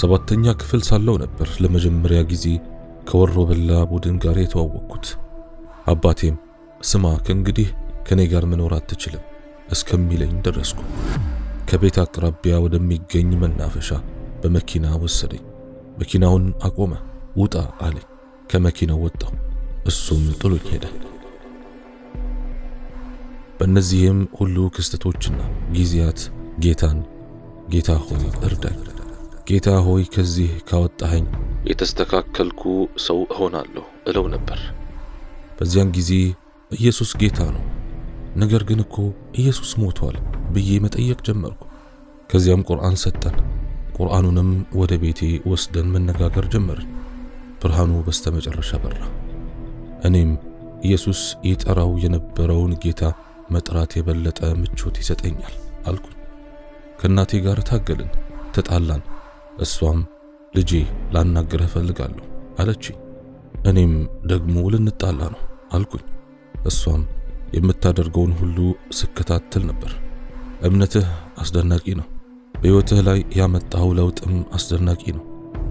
ሰባተኛ ክፍል ሳለው ነበር ለመጀመሪያ ጊዜ ከወሮ በላ ቡድን ጋር የተዋወቅኩት። አባቴም ስማ ከእንግዲህ ከኔ ጋር መኖር አትችልም እስከሚለኝ ደረስኩ። ከቤት አቅራቢያ ወደሚገኝ መናፈሻ በመኪና ወሰደኝ። መኪናውን አቆመ። ውጣ አለኝ። ከመኪናው ወጣሁ። እሱም ጥሎኝ ሄደ። በእነዚህም ሁሉ ክስተቶችና ጊዜያት ጌታን ጌታ ሆይ እርዳኝ ጌታ ሆይ ከዚህ ካወጣኸኝ የተስተካከልኩ ሰው እሆናለሁ እለው ነበር። በዚያን ጊዜ ኢየሱስ ጌታ ነው፣ ነገር ግን እኮ ኢየሱስ ሞቷል ብዬ መጠየቅ ጀመርኩ። ከዚያም ቁርአን ሰጠን። ቁርአኑንም ወደ ቤቴ ወስደን መነጋገር ጀመርን። ብርሃኑ በስተመጨረሻ በራ። እኔም ኢየሱስ ይጠራው የነበረውን ጌታ መጥራት የበለጠ ምቾት ይሰጠኛል አልኩኝ። ከእናቴ ጋር ታገልን፣ ተጣላን። እሷም ልጄ ላናግርህ እፈልጋለሁ አለችኝ። እኔም ደግሞ ልንጣላ ነው አልኩኝ። እሷም የምታደርገውን ሁሉ ስከታተል ነበር። እምነትህ አስደናቂ ነው፣ በሕይወትህ ላይ ያመጣው ለውጥም አስደናቂ ነው።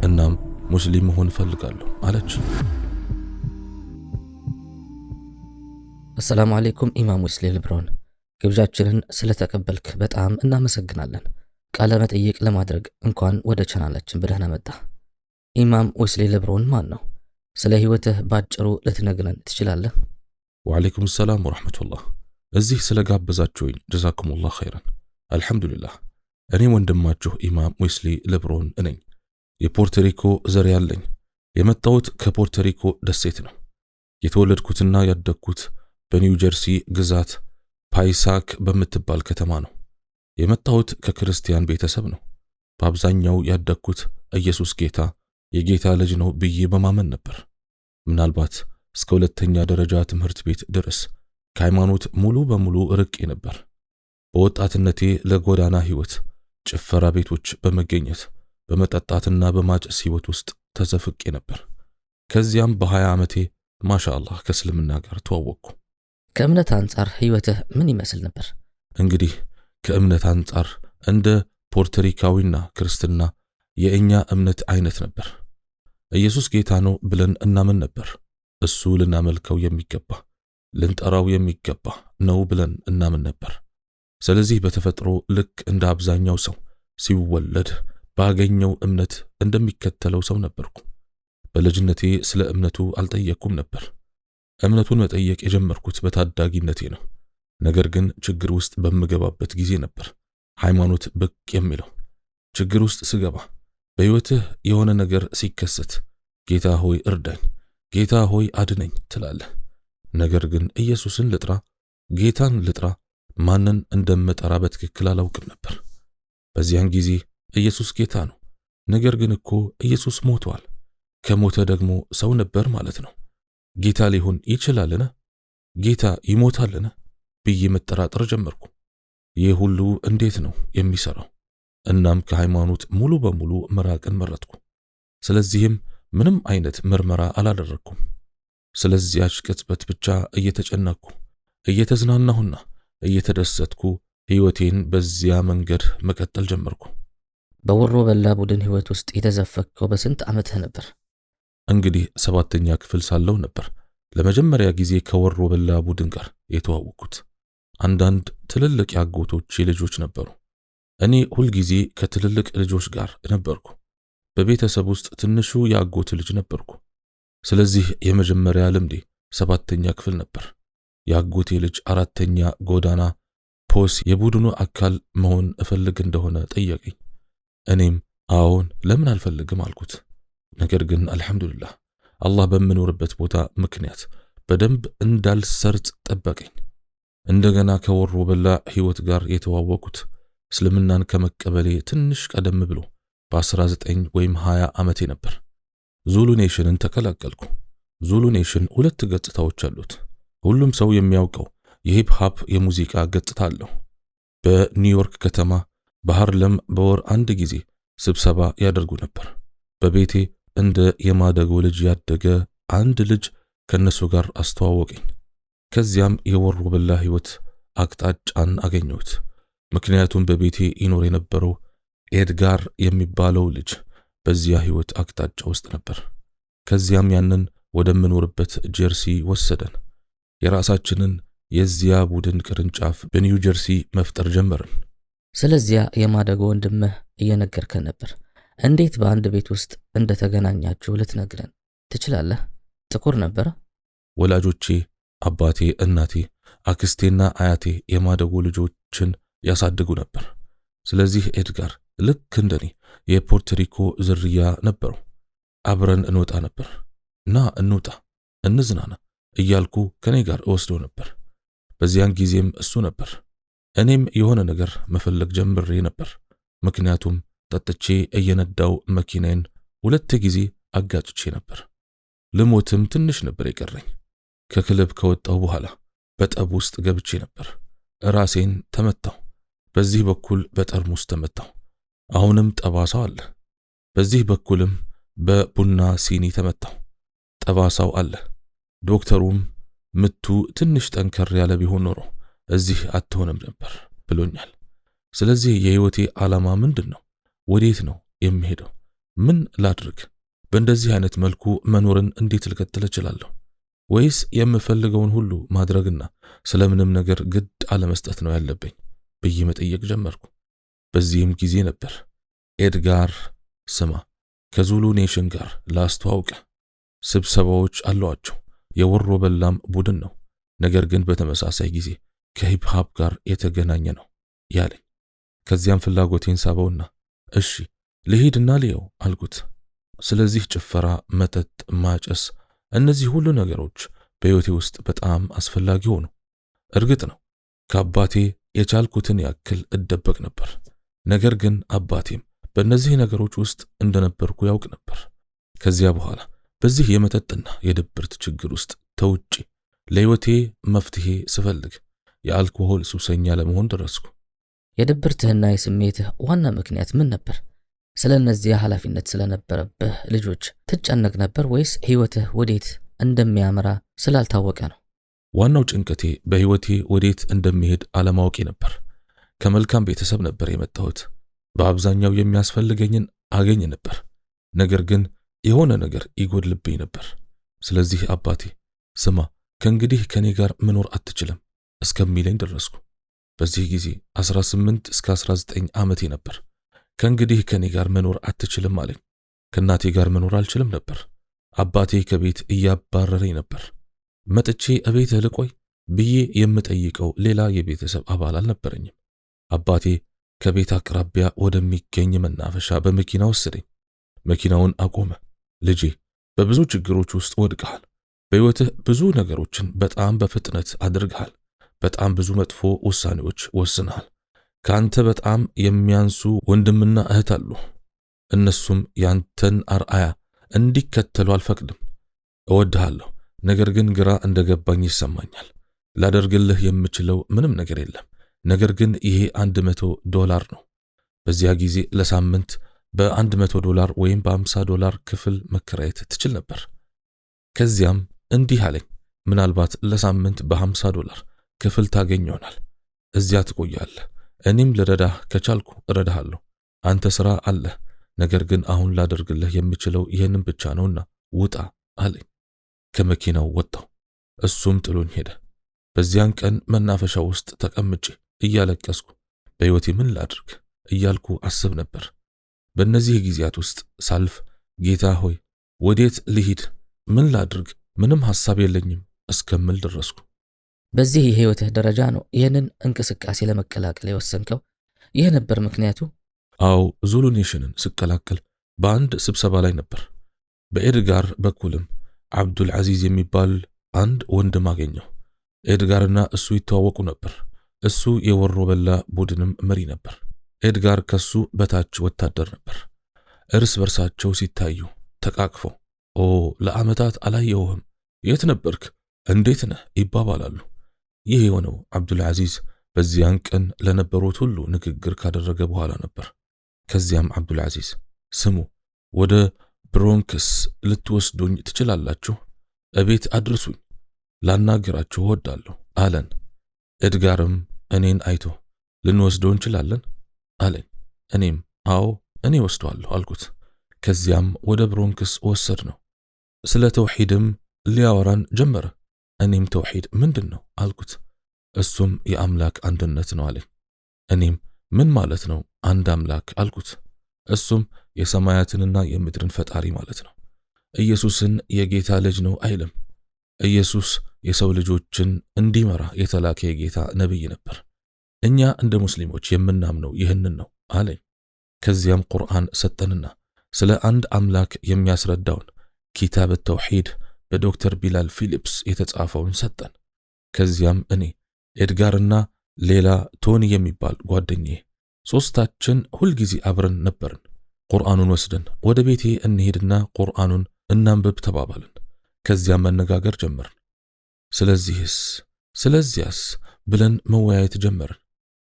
እናም ሙስሊም መሆን እፈልጋለሁ አለች። አሰላሙ አሌይኩም ኢማም ውስሌ ልብሮን፣ ግብዣችንን ስለተቀበልክ በጣም እናመሰግናለን። ቃለ መጠይቅ ለማድረግ እንኳን ወደ ቻናላችን በደህና መጣ። ኢማም ዌስሊ ለብሮን ማን ነው? ስለ ህይወትህ በአጭሩ ልትነግረን ትችላለህ? ወዓለይኩም ሰላም ወረሕመቱላህ። እዚህ ስለ ጋበዛችሁኝ ጀዛኩሙላህ ኸይረን። አልሐምዱሊላህ። እኔ ወንድማችሁ ኢማም ዌስሊ ለብሮን እነኝ። የፖርቶሪኮ ዘር ያለኝ የመጣሁት ከፖርቶሪኮ ደሴት ነው። የተወለድኩትና ያደግኩት በኒውጀርሲ ግዛት ፓይሳክ በምትባል ከተማ ነው። የመጣሁት ከክርስቲያን ቤተሰብ ነው። በአብዛኛው ያደግኩት ኢየሱስ ጌታ የጌታ ልጅ ነው ብዬ በማመን ነበር። ምናልባት እስከ ሁለተኛ ደረጃ ትምህርት ቤት ድረስ ከሃይማኖት ሙሉ በሙሉ ርቄ ነበር። በወጣትነቴ ለጎዳና ሕይወት፣ ጭፈራ ቤቶች በመገኘት በመጠጣትና በማጨስ ሕይወት ውስጥ ተዘፍቄ ነበር። ከዚያም በሀያ ዓመቴ ማሻ ከእስልምና ጋር ተዋወቅኩ። ከእምነት አንጻር ሕይወትህ ምን ይመስል ነበር? እንግዲህ ከእምነት አንጻር እንደ ፖርተሪካዊና ክርስትና የእኛ እምነት አይነት ነበር። ኢየሱስ ጌታ ነው ብለን እናምን ነበር። እሱ ልናመልከው የሚገባ ልንጠራው የሚገባ ነው ብለን እናምን ነበር። ስለዚህ በተፈጥሮ ልክ እንደ አብዛኛው ሰው ሲወለድ ባገኘው እምነት እንደሚከተለው ሰው ነበርኩ። በልጅነቴ ስለ እምነቱ አልጠየቅኩም ነበር። እምነቱን መጠየቅ የጀመርኩት በታዳጊነቴ ነው። ነገር ግን ችግር ውስጥ በምገባበት ጊዜ ነበር ሃይማኖት ብቅ የሚለው። ችግር ውስጥ ስገባ፣ በሕይወትህ የሆነ ነገር ሲከሰት ጌታ ሆይ እርዳኝ፣ ጌታ ሆይ አድነኝ ትላለህ። ነገር ግን ኢየሱስን ልጥራ፣ ጌታን ልጥራ፣ ማንን እንደምጠራ በትክክል አላውቅም ነበር። በዚያን ጊዜ ኢየሱስ ጌታ ነው። ነገር ግን እኮ ኢየሱስ ሞቷል። ከሞተ ደግሞ ሰው ነበር ማለት ነው። ጌታ ሊሆን ይችላልን? ጌታ ይሞታልን? ብዬ መጠራጠር ጀመርኩ። ይህ ሁሉ እንዴት ነው የሚሰራው? እናም ከሃይማኖት ሙሉ በሙሉ መራቅን መረጥኩ። ስለዚህም ምንም አይነት ምርመራ አላደረግኩም። ስለዚያች ቅጽበት ብቻ እየተጨነቅኩ እየተዝናናሁና እየተደሰትኩ ሕይወቴን በዚያ መንገድ መቀጠል ጀመርኩ። በወሮ በላ ቡድን ሕይወት ውስጥ የተዘፈከው በስንት ዓመትህ ነበር? እንግዲህ ሰባተኛ ክፍል ሳለው ነበር ለመጀመሪያ ጊዜ ከወሮ በላ ቡድን ጋር የተዋወቅኩት። አንዳንድ ትልልቅ ያጎቶቼ ልጆች ነበሩ። እኔ ሁልጊዜ ከትልልቅ ልጆች ጋር ነበርኩ። በቤተሰብ ውስጥ ትንሹ የአጎት ልጅ ነበርኩ። ስለዚህ የመጀመሪያ ልምዴ ሰባተኛ ክፍል ነበር። ያጎቴ ልጅ አራተኛ ጎዳና ፖስ የቡድኑ አካል መሆን እፈልግ እንደሆነ ጠየቀኝ። እኔም አዎን ለምን አልፈልግም አልኩት። ነገር ግን አልሐምዱሊላህ አላህ በምኖርበት ቦታ ምክንያት በደንብ እንዳልሰርጥ ጠበቀኝ። እንደገና ከወሮ በላ ህይወት ጋር የተዋወቁት እስልምናን ከመቀበሌ ትንሽ ቀደም ብሎ በ19 ወይም 20 ዓመቴ ነበር። ዙሉ ኔሽንን ተቀላቀልኩ። ዙሉ ኔሽን ሁለት ገጽታዎች አሉት። ሁሉም ሰው የሚያውቀው የሂፕ ሃፕ የሙዚቃ ገጽታ አለው። በኒውዮርክ ከተማ በሃርለም በወር አንድ ጊዜ ስብሰባ ያደርጉ ነበር። በቤቴ እንደ የማደጎ ልጅ ያደገ አንድ ልጅ ከእነሱ ጋር አስተዋወቀኝ። ከዚያም የወሮበላ ህይወት አቅጣጫን አገኘሁት። ምክንያቱም በቤቴ ይኖር የነበረው ኤድጋር የሚባለው ልጅ በዚያ ህይወት አቅጣጫ ውስጥ ነበር። ከዚያም ያንን ወደምኖርበት ጀርሲ ወሰደን። የራሳችንን የዚያ ቡድን ቅርንጫፍ በኒው ጀርሲ መፍጠር ጀመርን። ስለዚያ የማደጎ ወንድምህ እየነገርከን ነበር። እንዴት በአንድ ቤት ውስጥ እንደተገናኛችሁ ልትነግረን ትችላለህ? ጥቁር ነበር! ወላጆቼ አባቴ፣ እናቴ፣ አክስቴና አያቴ የማደጎ ልጆችን ያሳድጉ ነበር። ስለዚህ ኤድጋር ልክ እንደኔ የፖርቶሪኮ ዝርያ ነበረው። አብረን እንወጣ ነበር። ና እንውጣ፣ እንዝናና እያልኩ ከኔ ጋር እወስዶ ነበር። በዚያን ጊዜም እሱ ነበር። እኔም የሆነ ነገር መፈለግ ጀምሬ ነበር። ምክንያቱም ጠጥቼ እየነዳው መኪናዬን ሁለት ጊዜ አጋጭቼ ነበር። ልሞትም ትንሽ ነበር የቀረኝ። ከክለብ ከወጣው በኋላ በጠብ ውስጥ ገብቼ ነበር። ራሴን ተመታው። በዚህ በኩል በጠርሙስ ተመታው። አሁንም ጠባሳው አለ። በዚህ በኩልም በቡና ሲኒ ተመታው። ጠባሳው አለ። ዶክተሩም ምቱ ትንሽ ጠንከር ያለ ቢሆን ኖሮ እዚህ አትሆንም ነበር ብሎኛል። ስለዚህ የህይወቴ ዓላማ ምንድን ነው? ወዴት ነው የምሄደው? ምን ላድርግ? በእንደዚህ አይነት መልኩ መኖርን እንዴት ልቀጥል እችላለሁ? ወይስ የምፈልገውን ሁሉ ማድረግና ስለምንም ነገር ግድ አለመስጠት ነው ያለብኝ ብዬ መጠየቅ ጀመርኩ። በዚህም ጊዜ ነበር ኤድጋር ስማ፣ ከዙሉ ኔሽን ጋር ላስተዋውቀ ስብሰባዎች አለዋቸው። የወሮ በላም ቡድን ነው፣ ነገር ግን በተመሳሳይ ጊዜ ከሂፕሃፕ ጋር የተገናኘ ነው ያለኝ። ከዚያም ፍላጎቴን ሳበውና እሺ ልሂድና ልየው አልኩት። ስለዚህ ጭፈራ፣ መጠጥ፣ ማጨስ እነዚህ ሁሉ ነገሮች በሕይወቴ ውስጥ በጣም አስፈላጊ ሆኑ። እርግጥ ነው ከአባቴ የቻልኩትን ያክል እደበቅ ነበር። ነገር ግን አባቴም በእነዚህ ነገሮች ውስጥ እንደነበርኩ ያውቅ ነበር። ከዚያ በኋላ በዚህ የመጠጥና የድብርት ችግር ውስጥ ተውጪ ለሕይወቴ መፍትሄ ስፈልግ የአልኮሆል ሱሰኛ ለመሆን ደረስኩ። የድብርትህና የስሜትህ ዋና ምክንያት ምን ነበር? ስለ እነዚህ ኃላፊነት ስለነበረብህ ልጆች ትጨነቅ ነበር ወይስ ሕይወትህ ወዴት እንደሚያመራ ስላልታወቀ ነው? ዋናው ጭንቀቴ በህይወቴ ወዴት እንደሚሄድ አለማወቄ ነበር። ከመልካም ቤተሰብ ነበር የመጣሁት። በአብዛኛው የሚያስፈልገኝን አገኝ ነበር። ነገር ግን የሆነ ነገር ይጎድልብኝ ነበር። ስለዚህ አባቴ ስማ፣ ከእንግዲህ ከእኔ ጋር መኖር አትችልም እስከሚለኝ ደረስኩ። በዚህ ጊዜ 18 እስከ 19 ዓመቴ ነበር። ከእንግዲህ ከእኔ ጋር መኖር አትችልም አለኝ። ከእናቴ ጋር መኖር አልችልም ነበር። አባቴ ከቤት እያባረረኝ ነበር። መጥቼ እቤት ልቆይ ብዬ የምጠይቀው ሌላ የቤተሰብ አባል አልነበረኝም። አባቴ ከቤት አቅራቢያ ወደሚገኝ መናፈሻ በመኪና ወሰደኝ። መኪናውን አቆመ። ልጄ፣ በብዙ ችግሮች ውስጥ ወድቀሃል። በሕይወትህ ብዙ ነገሮችን በጣም በፍጥነት አድርግሃል። በጣም ብዙ መጥፎ ውሳኔዎች ወስንሃል። ከአንተ በጣም የሚያንሱ ወንድምና እህት አሉ። እነሱም ያንተን አርአያ እንዲከተሉ አልፈቅድም። እወድሃለሁ፣ ነገር ግን ግራ እንደገባኝ ይሰማኛል። ላደርግልህ የምችለው ምንም ነገር የለም። ነገር ግን ይሄ አንድ መቶ ዶላር ነው። በዚያ ጊዜ ለሳምንት በአንድ መቶ ዶላር ወይም በአምሳ ዶላር ክፍል መከራየት ትችል ነበር። ከዚያም እንዲህ አለኝ፣ ምናልባት ለሳምንት በ50 ዶላር ክፍል ታገኝ ይሆናል። እዚያ ትቆያለህ እኔም ልረዳህ ከቻልኩ እረዳሃለሁ። አንተ ሥራ አለህ፣ ነገር ግን አሁን ላደርግልህ የምችለው ይህንም ብቻ ነውና ውጣ አለኝ። ከመኪናው ወጣሁ፣ እሱም ጥሎኝ ሄደ። በዚያን ቀን መናፈሻ ውስጥ ተቀምጬ እያለቀስኩ በሕይወቴ ምን ላድርግ እያልኩ አስብ ነበር። በእነዚህ ጊዜያት ውስጥ ሳልፍ ጌታ ሆይ ወዴት ልሂድ? ምን ላድርግ? ምንም ሐሳብ የለኝም እስከምል ደረስኩ። በዚህ የህይወትህ ደረጃ ነው ይህንን እንቅስቃሴ ለመቀላቀል የወሰንከው? ይህ ነበር ምክንያቱ? አዎ፣ ዙሉ ኔሽንን ስቀላቀል በአንድ ስብሰባ ላይ ነበር። በኤድጋር በኩልም አብዱል አዚዝ የሚባል አንድ ወንድም አገኘው። ኤድጋርና እሱ ይተዋወቁ ነበር። እሱ የወሮ በላ ቡድንም መሪ ነበር። ኤድጋር ከሱ በታች ወታደር ነበር። እርስ በርሳቸው ሲታዩ ተቃቅፈው ኦ ለዓመታት አላየውህም፣ የት ነበርክ፣ እንዴት ነህ ይባባላሉ። ይህ የሆነው አብዱል አዚዝ በዚያን ቀን ለነበሩት ሁሉ ንግግር ካደረገ በኋላ ነበር። ከዚያም አብዱል አዚዝ ስሙ፣ ወደ ብሮንክስ ልትወስዱኝ ትችላላችሁ? እቤት አድርሱኝ፣ ላናገራችሁ እወዳለሁ አለን። ኤድጋርም እኔን አይቶ ልንወስደው እንችላለን አለኝ። እኔም አዎ እኔ ወስደዋለሁ አልኩት። ከዚያም ወደ ብሮንክስ ወሰድ ነው። ስለ ተውሒድም ሊያወራን ጀመረ። እኔም ተውሒድ ምንድን ነው አልኩት። እሱም የአምላክ አንድነት ነው አለኝ። እኔም ምን ማለት ነው አንድ አምላክ አልኩት። እሱም የሰማያትንና የምድርን ፈጣሪ ማለት ነው። ኢየሱስን የጌታ ልጅ ነው አይልም። ኢየሱስ የሰው ልጆችን እንዲመራ የተላከ የጌታ ነቢይ ነበር። እኛ እንደ ሙስሊሞች የምናምነው ይህንን ነው አለኝ። ከዚያም ቁርአን ሰጠንና ስለ አንድ አምላክ የሚያስረዳውን ኪታብ ተውሒድ በዶክተር ቢላል ፊሊፕስ የተጻፈውን ሰጠን። ከዚያም እኔ ኤድጋርና ሌላ ቶኒ የሚባል ጓደኛዬ ሶስታችን ሁልጊዜ አብረን ነበርን። ቁርአኑን ወስደን ወደ ቤቴ እንሄድና ቁርአኑን እናንብብ ተባባልን። ከዚያም መነጋገር ጀመርን። ስለዚህስ ስለዚያስ ብለን መወያየት ጀመርን።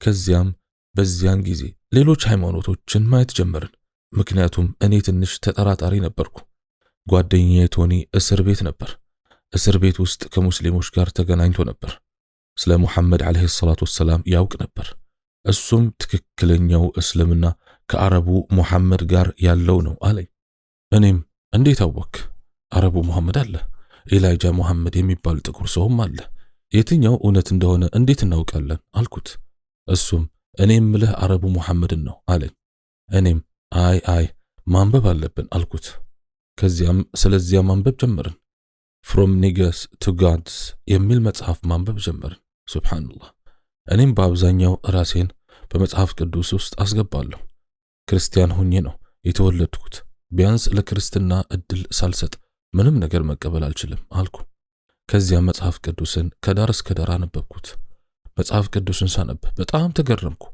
ከዚያም በዚያን ጊዜ ሌሎች ሃይማኖቶችን ማየት ጀመርን። ምክንያቱም እኔ ትንሽ ተጠራጣሪ ነበርኩ። ጓደኛዬ ቶኒ እስር ቤት ነበር። እስር ቤት ውስጥ ከሙስሊሞች ጋር ተገናኝቶ ነበር። ስለ ሙሐመድ ዓለይሂ ሰላቱ ወሰላም ያውቅ ነበር። እሱም ትክክለኛው እስልምና ከአረቡ ሙሐመድ ጋር ያለው ነው አለኝ። እኔም እንዴት አወክ? አረቡ ሙሐመድ አለ፣ ኤላይጃ ሙሐመድ የሚባል ጥቁር ሰውም አለ። የትኛው እውነት እንደሆነ እንዴት እናውቃለን? አልኩት። እሱም እኔ የምልህ አረቡ ሙሐመድን ነው አለኝ። እኔም አይ አይ ማንበብ አለብን አልኩት። ከዚያም ስለዚያ ማንበብ ጀመርን። ፍሮም ኒገስ ቱ ጋድስ የሚል መጽሐፍ ማንበብ ጀመርን። ሱብሓነላህ። እኔም በአብዛኛው ራሴን በመጽሐፍ ቅዱስ ውስጥ አስገባለሁ። ክርስቲያን ሆኜ ነው የተወለድኩት። ቢያንስ ለክርስትና እድል ሳልሰጥ ምንም ነገር መቀበል አልችልም አልኩ። ከዚያም መጽሐፍ ቅዱስን ከዳር እስከ ዳር አነበብኩት። መጽሐፍ ቅዱስን ሳነብ በጣም ተገረምኩ።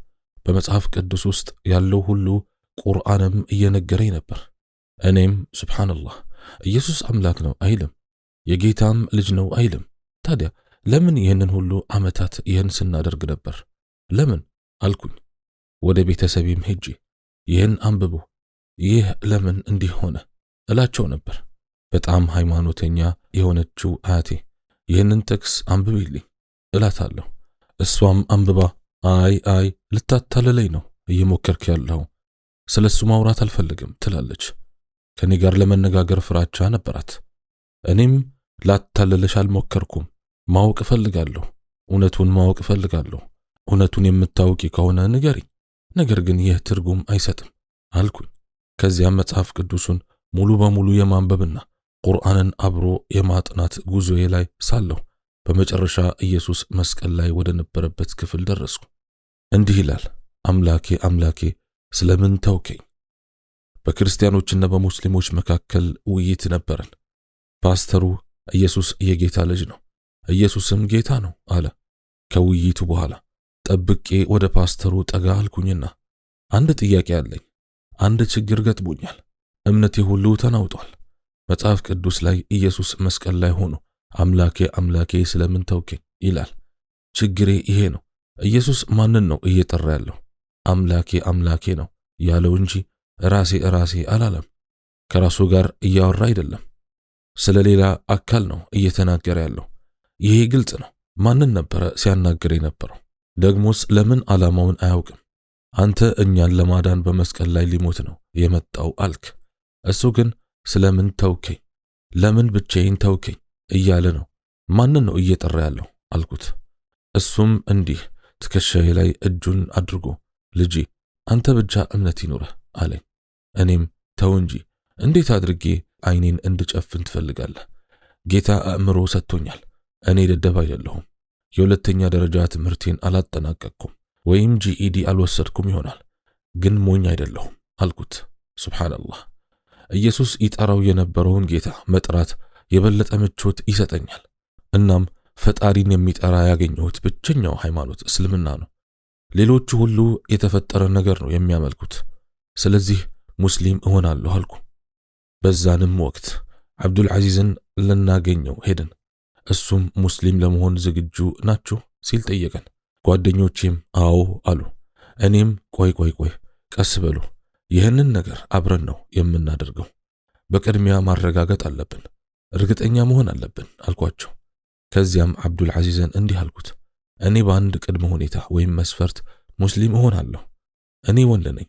በመጽሐፍ ቅዱስ ውስጥ ያለው ሁሉ ቁርአንም እየነገረኝ ነበር። እኔም ስብሓንላህ ኢየሱስ አምላክ ነው አይልም፣ የጌታም ልጅ ነው አይልም። ታዲያ ለምን ይህንን ሁሉ ዓመታት ይህን ስናደርግ ነበር? ለምን አልኩኝ። ወደ ቤተሰቤም ሄጄ ይህን አንብቡ፣ ይህ ለምን እንዲህ ሆነ እላቸው ነበር። በጣም ሃይማኖተኛ የሆነችው አያቴ ይህንን ጥቅስ አንብቤልኝ እላታለሁ። እሷም አንብባ አይ አይ ልታታልለኝ ነው እየሞከርክ ያለው፣ ስለ እሱ ማውራት አልፈልግም ትላለች። ከእኔ ጋር ለመነጋገር ፍራቻ ነበራት። እኔም ላታለለሽ አልሞከርኩም። ማወቅ እፈልጋለሁ፣ እውነቱን ማወቅ እፈልጋለሁ። እውነቱን የምታውቂ ከሆነ ንገሪ፣ ነገር ግን ይህ ትርጉም አይሰጥም አልኩኝ። ከዚያም መጽሐፍ ቅዱሱን ሙሉ በሙሉ የማንበብና ቁርአንን አብሮ የማጥናት ጉዞዬ ላይ ሳለሁ በመጨረሻ ኢየሱስ መስቀል ላይ ወደ ነበረበት ክፍል ደረስኩ። እንዲህ ይላል፣ አምላኬ አምላኬ ስለምን ተውከኝ በክርስቲያኖችና በሙስሊሞች መካከል ውይይት ነበረን። ፓስተሩ ኢየሱስ የጌታ ልጅ ነው፣ ኢየሱስም ጌታ ነው አለ። ከውይይቱ በኋላ ጠብቄ ወደ ፓስተሩ ጠጋ አልኩኝና አንድ ጥያቄ አለኝ፣ አንድ ችግር ገጥሞኛል፣ እምነቴ ሁሉ ተናውጧል። መጽሐፍ ቅዱስ ላይ ኢየሱስ መስቀል ላይ ሆኖ አምላኬ አምላኬ ስለምን ተውከኝ ይላል። ችግሬ ይሄ ነው። ኢየሱስ ማንን ነው እየጠራ ያለው? አምላኬ አምላኬ ነው ያለው እንጂ ራሴ ራሴ አላለም። ከራሱ ጋር እያወራ አይደለም፣ ስለ ሌላ አካል ነው እየተናገረ ያለው። ይሄ ግልጽ ነው። ማንን ነበረ ሲያናግር የነበረው? ደግሞስ ለምን ዓላማውን አያውቅም? አንተ እኛን ለማዳን በመስቀል ላይ ሊሞት ነው የመጣው አልክ። እሱ ግን ስለምን ተውከኝ፣ ለምን ብቻዬን ተውከኝ እያለ ነው። ማንን ነው እየጠራ ያለው አልኩት። እሱም እንዲህ ትከሻዬ ላይ እጁን አድርጎ ልጄ አንተ ብቻ እምነት ይኑረህ አለኝ። እኔም ተው እንጂ እንዴት አድርጌ አይኔን እንድጨፍን ትፈልጋለህ? ጌታ አእምሮ ሰጥቶኛል። እኔ ደደብ አይደለሁም። የሁለተኛ ደረጃ ትምህርቴን አላጠናቀቅኩም ወይም ጂኢዲ አልወሰድኩም ይሆናል፣ ግን ሞኝ አይደለሁም አልኩት። ሱብሓነላህ ኢየሱስ ይጠራው የነበረውን ጌታ መጥራት የበለጠ ምቾት ይሰጠኛል። እናም ፈጣሪን የሚጠራ ያገኘሁት ብቸኛው ሃይማኖት እስልምና ነው። ሌሎቹ ሁሉ የተፈጠረ ነገር ነው የሚያመልኩት። ስለዚህ ሙስሊም እሆናለሁ አልኩ። በዛንም ወቅት አብዱል አዚዝን ልናገኘው ሄድን። እሱም ሙስሊም ለመሆን ዝግጁ ናችሁ ሲል ጠየቀን። ጓደኞቼም አዎ አሉ። እኔም ቆይ ቆይ ቆይ ቀስ በሉ፣ ይህንን ነገር አብረን ነው የምናደርገው። በቅድሚያ ማረጋገጥ አለብን፣ እርግጠኛ መሆን አለብን አልኳቸው። ከዚያም አብዱል አዚዝን እንዲህ አልኩት፣ እኔ በአንድ ቅድመ ሁኔታ ወይም መስፈርት ሙስሊም እሆናለሁ። እኔ ወንድ ነኝ።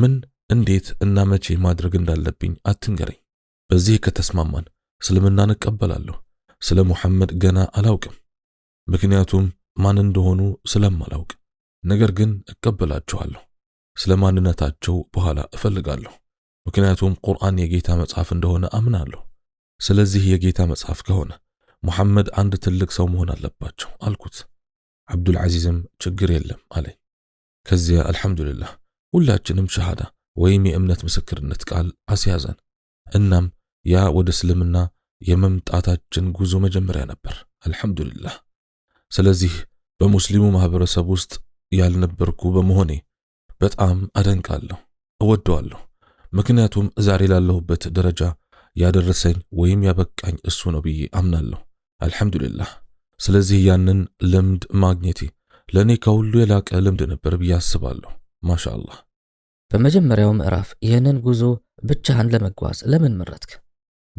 ምን እንዴት እና መቼ ማድረግ እንዳለብኝ አትንገረኝ። በዚህ ከተስማማን እስልምናን እቀበላለሁ። ስለ ሙሐመድ ገና አላውቅም፣ ምክንያቱም ማን እንደሆኑ ስለማላውቅ። ነገር ግን እቀበላችኋለሁ። ስለ ማንነታቸው በኋላ እፈልጋለሁ፣ ምክንያቱም ቁርአን የጌታ መጽሐፍ እንደሆነ አምናለሁ። ስለዚህ የጌታ መጽሐፍ ከሆነ ሙሐመድ አንድ ትልቅ ሰው መሆን አለባቸው አልኩት። አብዱል ችግር የለም አለኝ። ከዚያ አልሐምዱልላህ ሁላችንም ሸሃዳ ወይም የእምነት ምስክርነት ቃል አስያዘን። እናም ያ ወደ እስልምና የመምጣታችን ጉዞ መጀመሪያ ነበር። አልሐምዱሊላህ። ስለዚህ በሙስሊሙ ማህበረሰብ ውስጥ ያልነበርኩ በመሆኔ በጣም አደንቃለሁ፣ እወደዋለሁ። ምክንያቱም ዛሬ ላለሁበት ደረጃ ያደረሰኝ ወይም ያበቃኝ እሱ ነው ብዬ አምናለሁ። አልሐምዱሊላህ። ስለዚህ ያንን ልምድ ማግኘቴ ለእኔ ከሁሉ የላቀ ልምድ ነበር ብዬ አስባለሁ። ማሻ አላህ። በመጀመሪያው ምዕራፍ ይህንን ጉዞ ብቻህን ለመጓዝ ለምን መረጥክ?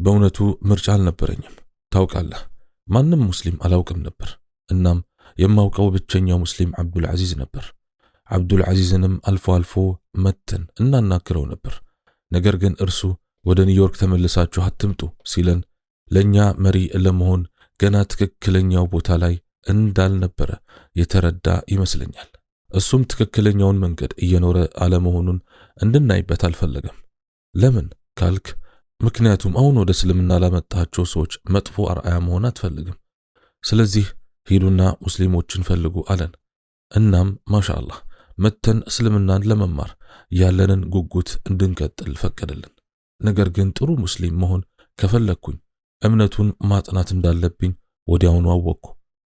በእውነቱ ምርጫ አልነበረኝም። ታውቃለህ፣ ማንም ሙስሊም አላውቅም ነበር። እናም የማውቀው ብቸኛው ሙስሊም አብዱል አዚዝ ነበር። አብዱል አዚዝንም አልፎ አልፎ መተን እናናክረው ነበር። ነገር ግን እርሱ ወደ ኒውዮርክ ተመልሳችሁ አትምጡ ሲለን ለእኛ መሪ ለመሆን ገና ትክክለኛው ቦታ ላይ እንዳልነበረ የተረዳ ይመስለኛል። እሱም ትክክለኛውን መንገድ እየኖረ አለመሆኑን እንድናይበት አልፈለገም። ለምን ካልክ ምክንያቱም አሁን ወደ እስልምና ላመጣቸው ሰዎች መጥፎ አርአያ መሆን አትፈልግም። ስለዚህ ሂዱና ሙስሊሞችን ፈልጉ አለን። እናም ማሻአላህ መተን እስልምናን ለመማር ያለንን ጉጉት እንድንቀጥል ፈቀደልን። ነገር ግን ጥሩ ሙስሊም መሆን ከፈለግኩኝ እምነቱን ማጥናት እንዳለብኝ ወዲያውኑ አወቅኩ።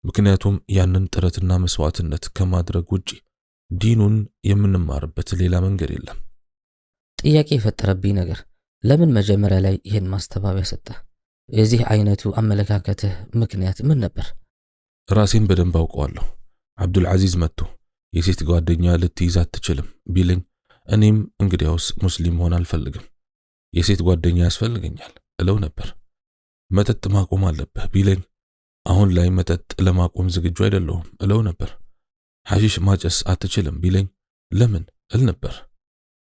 ምክንያቱም ያንን ጥረትና መስዋዕትነት ከማድረግ ውጪ ዲኑን የምንማርበት ሌላ መንገድ የለም። ጥያቄ የፈጠረብኝ ነገር ለምን መጀመሪያ ላይ ይህን ማስተባበያ ሰጠ? የዚህ አይነቱ አመለካከትህ ምክንያት ምን ነበር? ራሴን በደንብ አውቀዋለሁ። ዓብዱልዓዚዝ መጥቶ የሴት ጓደኛ ልትይዝ አትችልም ቢለኝ እኔም እንግዲያውስ ሙስሊም መሆን አልፈልግም፣ የሴት ጓደኛ ያስፈልገኛል እለው ነበር። መጠጥ ማቆም አለብህ ቢለኝ አሁን ላይ መጠጥ ለማቆም ዝግጁ አይደለሁም እለው ነበር። ሐሺሽ ማጨስ አትችልም ቢለኝ ለምን እል ነበር።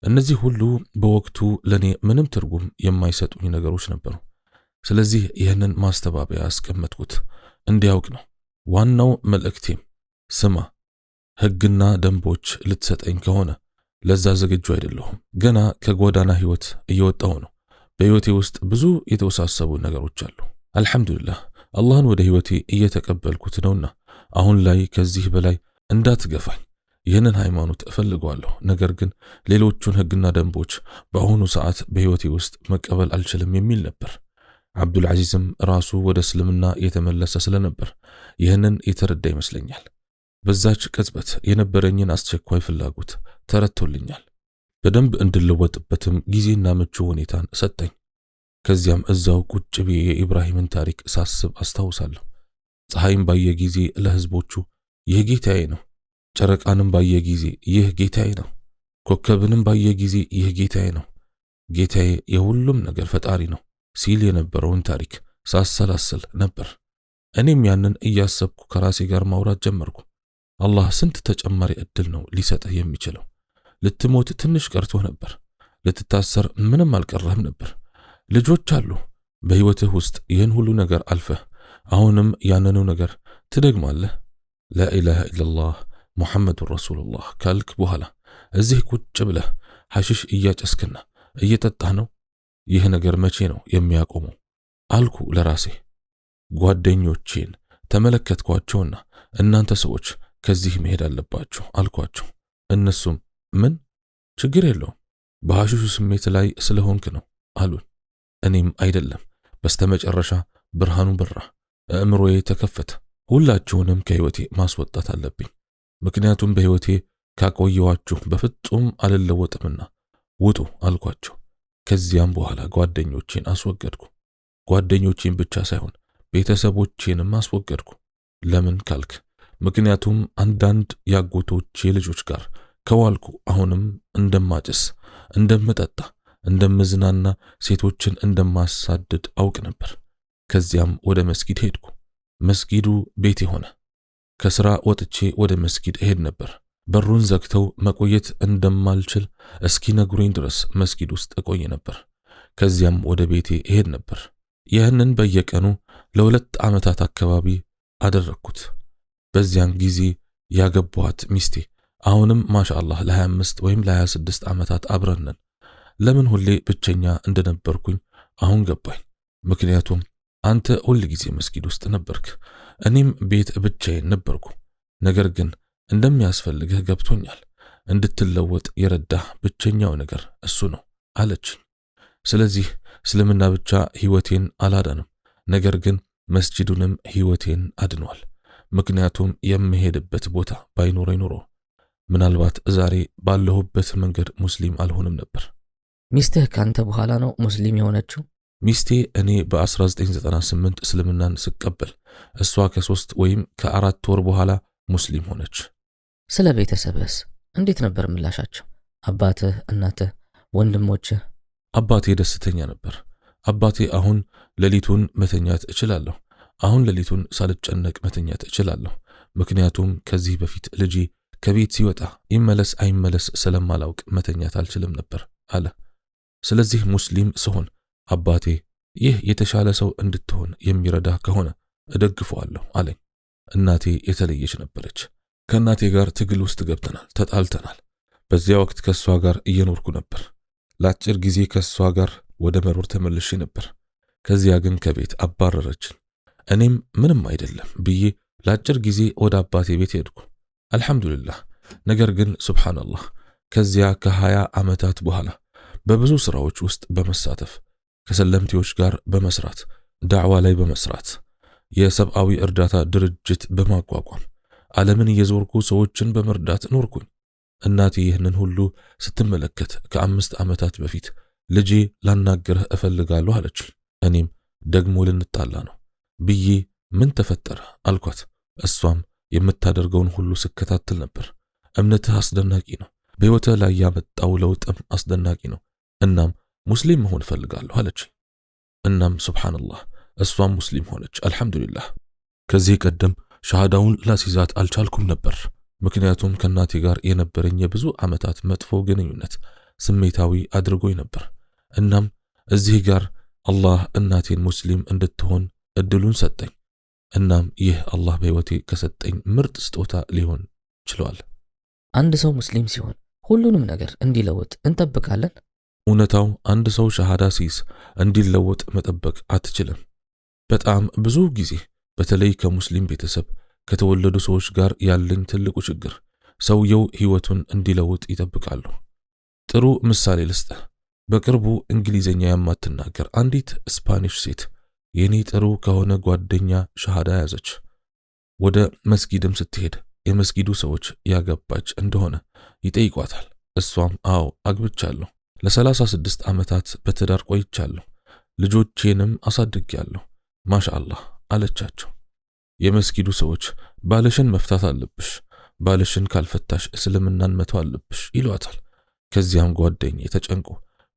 እነዚህ ሁሉ በወቅቱ ለኔ ምንም ትርጉም የማይሰጡኝ ነገሮች ነበሩ። ስለዚህ ይህንን ማስተባበያ አስቀመጥኩት እንዲያውቅ ነው። ዋናው መልእክቴም ስማ፣ ሕግና ደንቦች ልትሰጠኝ ከሆነ ለዛ ዝግጁ አይደለሁም። ገና ከጎዳና ሕይወት እየወጣሁ ነው። በሕይወቴ ውስጥ ብዙ የተወሳሰቡ ነገሮች አሉ። አልሐምዱሊላህ አላህን ወደ ህይወቴ እየተቀበልኩት ነውና አሁን ላይ ከዚህ በላይ እንዳትገፋኝ። ይህንን ሃይማኖት እፈልገዋለሁ፣ ነገር ግን ሌሎቹን ህግና ደንቦች በአሁኑ ሰዓት በህይወቴ ውስጥ መቀበል አልችልም የሚል ነበር። ዓብዱልዓዚዝም ራሱ ወደ እስልምና የተመለሰ ስለነበር ይህንን የተረዳ ይመስለኛል። በዛች ቅጽበት የነበረኝን አስቸኳይ ፍላጎት ተረድቶልኛል። በደንብ እንድለወጥበትም ጊዜና ምቹ ሁኔታን ሰጠኝ። ከዚያም እዛው ቁጭ ብዬ የኢብራሂምን ታሪክ ሳስብ አስታውሳለሁ። ፀሐይም ባየ ጊዜ ለሕዝቦቹ ይህ ጌታዬ ነው፣ ጨረቃንም ባየ ጊዜ ይህ ጌታዬ ነው፣ ኮከብንም ባየ ጊዜ ይህ ጌታዬ ነው፣ ጌታዬ የሁሉም ነገር ፈጣሪ ነው ሲል የነበረውን ታሪክ ሳሰላስል ነበር። እኔም ያንን እያሰብኩ ከራሴ ጋር ማውራት ጀመርኩ። አላህ ስንት ተጨማሪ እድል ነው ሊሰጥህ የሚችለው? ልትሞት ትንሽ ቀርቶህ ነበር። ልትታሰር ምንም አልቀረህም ነበር። ልጆች አሉ። በህይወትህ ውስጥ ይህን ሁሉ ነገር አልፈህ አሁንም ያንኑ ነገር ትደግማለህ። ላኢላሃ ኢለላህ ሙሐመዱን ረሱሉላህ ካልክ በኋላ እዚህ ቁጭ ብለህ ሐሽሽ እያጨስክና እየጠጣህ ነው። ይህ ነገር መቼ ነው የሚያቆመው? አልኩ ለራሴ። ጓደኞቼን ተመለከትኳቸውና እናንተ ሰዎች ከዚህ መሄድ አለባችሁ አልኳቸው። እነሱም ምን ችግር የለውም በሐሽሹ ስሜት ላይ ስለሆንክ ነው አሉን። እኔም አይደለም። በስተመጨረሻ ብርሃኑ በራ፣ አእምሮዬ ተከፈተ። ሁላችሁንም ከህይወቴ ማስወጣት አለብኝ፣ ምክንያቱም በህይወቴ ካቆየዋችሁ በፍጹም አልለወጥምና ውጡ አልኳቸው። ከዚያም በኋላ ጓደኞቼን አስወገድኩ። ጓደኞቼን ብቻ ሳይሆን ቤተሰቦቼንም አስወገድኩ። ለምን ካልክ ምክንያቱም አንዳንድ ያጎቶቼ ልጆች ጋር ከዋልኩ አሁንም እንደማጭስ እንደምጠጣ እንደምዝናና ሴቶችን እንደማሳድድ አውቅ ነበር። ከዚያም ወደ መስጊድ ሄድኩ። መስጊዱ ቤቴ ሆነ። ከስራ ወጥቼ ወደ መስጊድ እሄድ ነበር። በሩን ዘግተው መቆየት እንደማልችል እስኪ ነግሩኝ ድረስ መስጊድ ውስጥ እቆይ ነበር። ከዚያም ወደ ቤቴ እሄድ ነበር። ይህንን በየቀኑ ለሁለት ዓመታት አካባቢ አደረግኩት። በዚያን ጊዜ ያገቧት ሚስቴ አሁንም ማሻ አላህ ለ25 ወይም ለ26 ዓመታት አብረን ለምን ሁሌ ብቸኛ እንደነበርኩኝ አሁን ገባኝ። ምክንያቱም አንተ ሁል ጊዜ መስጊድ ውስጥ ነበርክ፣ እኔም ቤት ብቻዬን ነበርኩ። ነገር ግን እንደሚያስፈልግህ ገብቶኛል። እንድትለወጥ የረዳህ ብቸኛው ነገር እሱ ነው አለችኝ። ስለዚህ እስልምና ብቻ ሕይወቴን አላዳንም፣ ነገር ግን መስጂዱንም ሕይወቴን አድኗል። ምክንያቱም የምሄድበት ቦታ ባይኖረኝ ኖሮ ምናልባት ዛሬ ባለሁበት መንገድ ሙስሊም አልሆንም ነበር። ሚስትህ ካንተ በኋላ ነው ሙስሊም የሆነችው? ሚስቴ እኔ በ1998 እስልምናን ስቀበል እሷ ከሶስት ወይም ከአራት ወር በኋላ ሙስሊም ሆነች። ስለ ቤተሰብህስ እንዴት ነበር ምላሻቸው? አባትህ፣ እናትህ፣ ወንድሞችህ? አባቴ ደስተኛ ነበር። አባቴ አሁን ሌሊቱን መተኛት እችላለሁ። አሁን ሌሊቱን ሳልጨነቅ መተኛት እችላለሁ። ምክንያቱም ከዚህ በፊት ልጄ ከቤት ሲወጣ ይመለስ አይመለስ ስለማላውቅ መተኛት አልችልም ነበር አለ። ስለዚህ ሙስሊም ስሆን አባቴ ይህ የተሻለ ሰው እንድትሆን የሚረዳ ከሆነ እደግፈዋለሁ አለኝ። እናቴ የተለየች ነበረች። ከእናቴ ጋር ትግል ውስጥ ገብተናል፣ ተጣልተናል። በዚያ ወቅት ከእሷ ጋር እየኖርኩ ነበር። ለአጭር ጊዜ ከእሷ ጋር ወደ መሮር ተመልሼ ነበር። ከዚያ ግን ከቤት አባረረችን። እኔም ምንም አይደለም ብዬ ለአጭር ጊዜ ወደ አባቴ ቤት ሄድኩ። አልሐምዱልላህ። ነገር ግን ሱብሓነላህ ከዚያ ከሀያ ዓመታት በኋላ በብዙ ስራዎች ውስጥ በመሳተፍ ከሰለምቴዎች ጋር በመስራት ዳዕዋ ላይ በመስራት የሰብአዊ እርዳታ ድርጅት በማቋቋም ዓለምን እየዞርኩ ሰዎችን በመርዳት ኖርኩኝ። እናቴ ይህንን ሁሉ ስትመለከት ከአምስት ዓመታት በፊት ልጄ ላናገርህ እፈልጋለሁ አለች። እኔም ደግሞ ልንጣላ ነው ብዬ ምን ተፈጠረ አልኳት። እሷም የምታደርገውን ሁሉ ስከታተል ነበር። እምነትህ አስደናቂ ነው። በሕይወትህ ላይ ያመጣው ለውጥም አስደናቂ ነው። እናም ሙስሊም መሆን እፈልጋለሁ አለች። እናም ሱብሓነላህ እሷም ሙስሊም ሆነች። አልሐምዱሊላህ። ከዚህ ቀደም ሻሃዳውን ላሲዛት አልቻልኩም ነበር፣ ምክንያቱም ከእናቴ ጋር የነበረኝ የብዙ ዓመታት መጥፎ ግንኙነት ስሜታዊ አድርጎኝ ነበር። እናም እዚህ ጋር አላህ እናቴን ሙስሊም እንድትሆን እድሉን ሰጠኝ። እናም ይህ አላህ በሕይወቴ ከሰጠኝ ምርጥ ስጦታ ሊሆን ችሏል። አንድ ሰው ሙስሊም ሲሆን ሁሉንም ነገር እንዲለውጥ እንጠብቃለን? እውነታው አንድ ሰው ሸሃዳ ሲይዝ እንዲለወጥ መጠበቅ አትችልም። በጣም ብዙ ጊዜ በተለይ ከሙስሊም ቤተሰብ ከተወለዱ ሰዎች ጋር ያለኝ ትልቁ ችግር ሰውየው ሕይወቱን እንዲለውጥ ይጠብቃሉ። ጥሩ ምሳሌ ልስጥ። በቅርቡ እንግሊዝኛ የማትናገር አንዲት ስፓኒሽ ሴት የኔ ጥሩ ከሆነ ጓደኛ ሸሃዳ ያዘች። ወደ መስጊድም ስትሄድ የመስጊዱ ሰዎች ያገባች እንደሆነ ይጠይቋታል። እሷም አዎ አግብቻለሁ ለ36 ዓመታት በትዳር ቆይቻለሁ፣ ልጆቼንም አሳድጌያለሁ። ማሻአላህ አለቻቸው። የመስጊዱ ሰዎች ባልሽን መፍታት አለብሽ፣ ባልሽን ካልፈታሽ እስልምናን መተው አለብሽ ይሏታል። ከዚያም ጓደኛዬ ተጨንቆ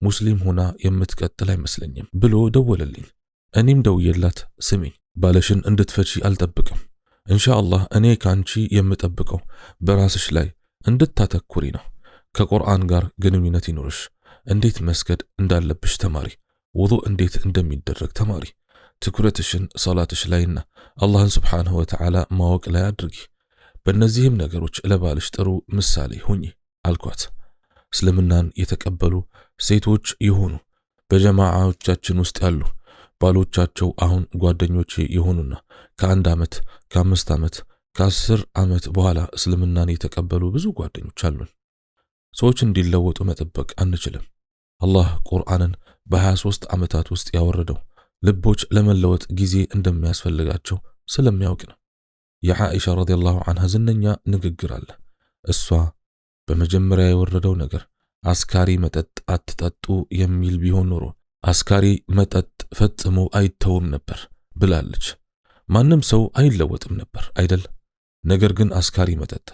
ሙስሊም ሆና የምትቀጥል አይመስለኝም ብሎ ደወለልኝ። እኔም ደውዬላት ስሚኝ፣ ባልሽን እንድትፈቺ አልጠብቅም። እንሻአላህ እኔ ካንቺ የምጠብቀው በራስሽ ላይ እንድታተኩሪ ነው። ከቁርአን ጋር ግንኙነት ይኖርሽ እንዴት መስገድ እንዳለብሽ ተማሪ፣ ውዶ እንዴት እንደሚደረግ ተማሪ። ትኩረትሽን ሰላትሽ ላይና አላህን ስብሓንሁ ወተዓላ ማወቅ ላይ አድርጊ። በእነዚህም ነገሮች ለባልሽ ጥሩ ምሳሌ ሁኚ አልኳት። እስልምናን የተቀበሉ ሴቶች የሆኑ በጀማዓዎቻችን ውስጥ ያሉ ባሎቻቸው አሁን ጓደኞቼ የሆኑና ከአንድ ዓመት ከአምስት ዓመት ከአስር ዓመት በኋላ እስልምናን የተቀበሉ ብዙ ጓደኞች አሉን። ሰዎች እንዲለወጡ መጠበቅ አንችልም። አላህ ቁርአንን በ23 ዓመታት ውስጥ ያወረደው ልቦች ለመለወጥ ጊዜ እንደሚያስፈልጋቸው ስለሚያውቅ ነው። የዓኢሻ ረዲየላሁ አንሃ ዝነኛ ንግግር አለ። እሷ በመጀመሪያ የወረደው ነገር አስካሪ መጠጥ አትጠጡ የሚል ቢሆን ኖሮ አስካሪ መጠጥ ፈጽሞ አይተውም ነበር ብላለች። ማንም ሰው አይለወጥም ነበር አይደል? ነገር ግን አስካሪ መጠጥ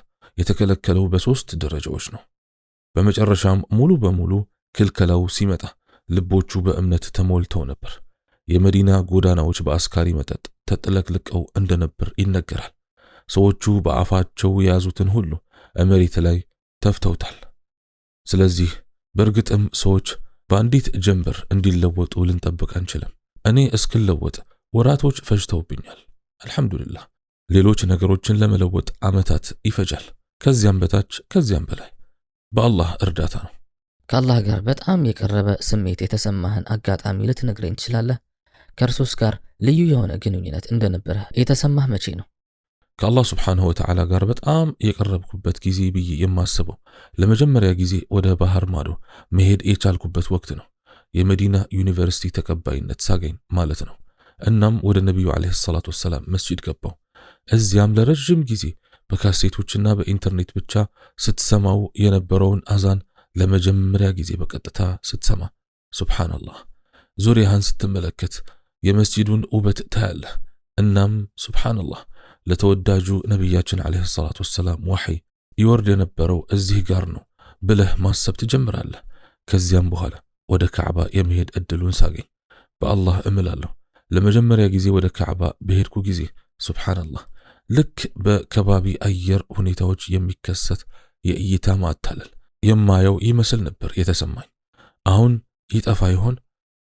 የተከለከለው በሦስት ደረጃዎች ነው። በመጨረሻም ሙሉ በሙሉ ክልከላው ሲመጣ ልቦቹ በእምነት ተሞልተው ነበር። የመዲና ጎዳናዎች በአስካሪ መጠጥ ተጥለቅልቀው እንደነበር ይነገራል። ሰዎቹ በአፋቸው የያዙትን ሁሉ መሬት ላይ ተፍተውታል። ስለዚህ በእርግጥም ሰዎች በአንዲት ጀንበር እንዲለወጡ ልንጠብቅ አንችልም። እኔ እስክለወጥ ወራቶች ፈጅተውብኛል። አልሐምዱሊላህ ሌሎች ነገሮችን ለመለወጥ ዓመታት ይፈጃል። ከዚያም በታች ከዚያም በላይ በአላህ እርዳታ ነው። ከአላህ ጋር በጣም የቀረበ ስሜት የተሰማህን አጋጣሚ ልትነግረኝ ትችላለህ? ከእርሱስ ጋር ልዩ የሆነ ግንኙነት እንደነበረ የተሰማህ መቼ ነው? ከአላህ ስብሓንሁ ወተዓላ ጋር በጣም የቀረብኩበት ጊዜ ብዬ የማስበው ለመጀመሪያ ጊዜ ወደ ባህር ማዶ መሄድ የቻልኩበት ወቅት ነው። የመዲና ዩኒቨርሲቲ ተቀባይነት ሳገኝ ማለት ነው። እናም ወደ ነቢዩ ዓለይሂ ሰላቱ ወሰላም መስጂድ ገባው። እዚያም ለረዥም ጊዜ በካሴቶችና በኢንተርኔት ብቻ ስትሰማው የነበረውን አዛን ለመጀመሪያ ጊዜ በቀጥታ ስትሰማ፣ ሱብሓነላህ ዙሪያህን ስትመለከት የመስጂዱን ውበት ታያለህ። እናም ሱብሓነላህ ለተወዳጁ ነቢያችን ዓለይሂ ሰላቱ ወሰላም ዋሕይ ይወርድ የነበረው እዚህ ጋር ነው ብለህ ማሰብ ትጀምራለህ። ከዚያም በኋላ ወደ ካዕባ የመሄድ እድሉን ሳገኝ በአላህ እምላለሁ ለመጀመሪያ ጊዜ ወደ ካዕባ በሄድኩ ጊዜ ሱብሓነላህ ልክ በከባቢ አየር ሁኔታዎች የሚከሰት የእይታ ማታለል የማየው ይመስል ነበር የተሰማኝ። አሁን ይጠፋ ይሆን?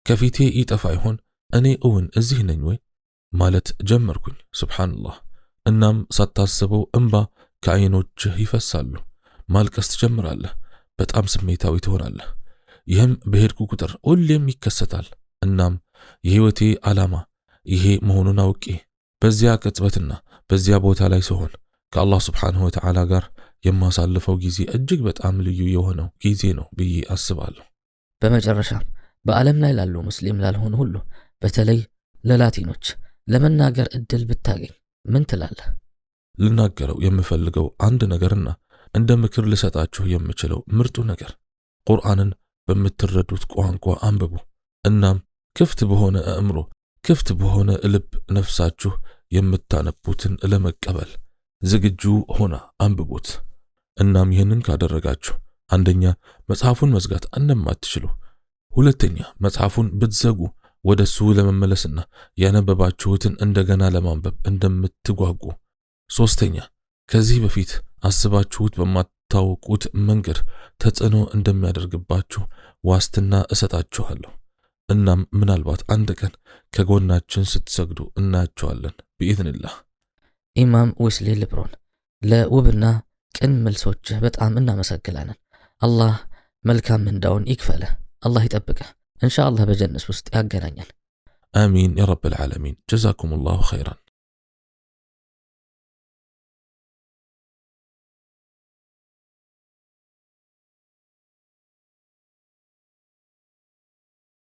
ከፊቴ ይጠፋ ይሆን? እኔ እውን እዚህ ነኝ ወይ ማለት ጀመርኩኝ። ስብሓንላህ። እናም ሳታስበው እምባ ከዐይኖችህ ይፈሳሉ። ማልቀስ ትጀምራለህ። በጣም ስሜታዊ ትሆናለህ። ይህም በሄድኩ ቁጥር ሁሌም ይከሰታል። እናም የሕይወቴ ዓላማ ይሄ መሆኑን አውቄ በዚያ ቅጽበትና በዚያ ቦታ ላይ ሲሆን ከአላህ ስብሓንሁ ወተዓላ ጋር የማሳልፈው ጊዜ እጅግ በጣም ልዩ የሆነው ጊዜ ነው ብዬ አስባለሁ። በመጨረሻ በዓለም ላይ ላሉ ሙስሊም ላልሆኑ ሁሉ በተለይ ለላቲኖች ለመናገር እድል ብታገኝ ምን ትላለህ? ልናገረው የምፈልገው አንድ ነገርና እንደ ምክር ልሰጣችሁ የምችለው ምርጡ ነገር ቁርአንን በምትረዱት ቋንቋ አንብቡ። እናም ክፍት በሆነ አእምሮ፣ ክፍት በሆነ ልብ ነፍሳችሁ የምታነቡትን ለመቀበል ዝግጁ ሆና አንብቡት። እናም ይህንን ካደረጋችሁ አንደኛ መጽሐፉን መዝጋት እንደማትችሉ፣ ሁለተኛ መጽሐፉን ብትዘጉ ወደ እሱ ለመመለስና ያነበባችሁትን እንደገና ለማንበብ እንደምትጓጉ፣ ሶስተኛ ከዚህ በፊት አስባችሁት በማታውቁት መንገድ ተጽዕኖ እንደሚያደርግባችሁ ዋስትና እሰጣችኋለሁ። እናም ምናልባት አንድ ቀን ከጎናችን ስትሰግዱ እናያቸዋለን። ቢኢዝንላህ። ኢማም ዊስሊ ልብሮን ለውብና ቅን መልሶችህ በጣም እናመሰግናለን። አላህ መልካም ምንዳውን ይክፈልህ። አላህ ይጠብቅህ። እንሻ አላህ በጀነት ውስጥ ያገናኛል። አሚን ያ ረብል ዓለሚን። ጀዛኩም ላሁ ኸይራን።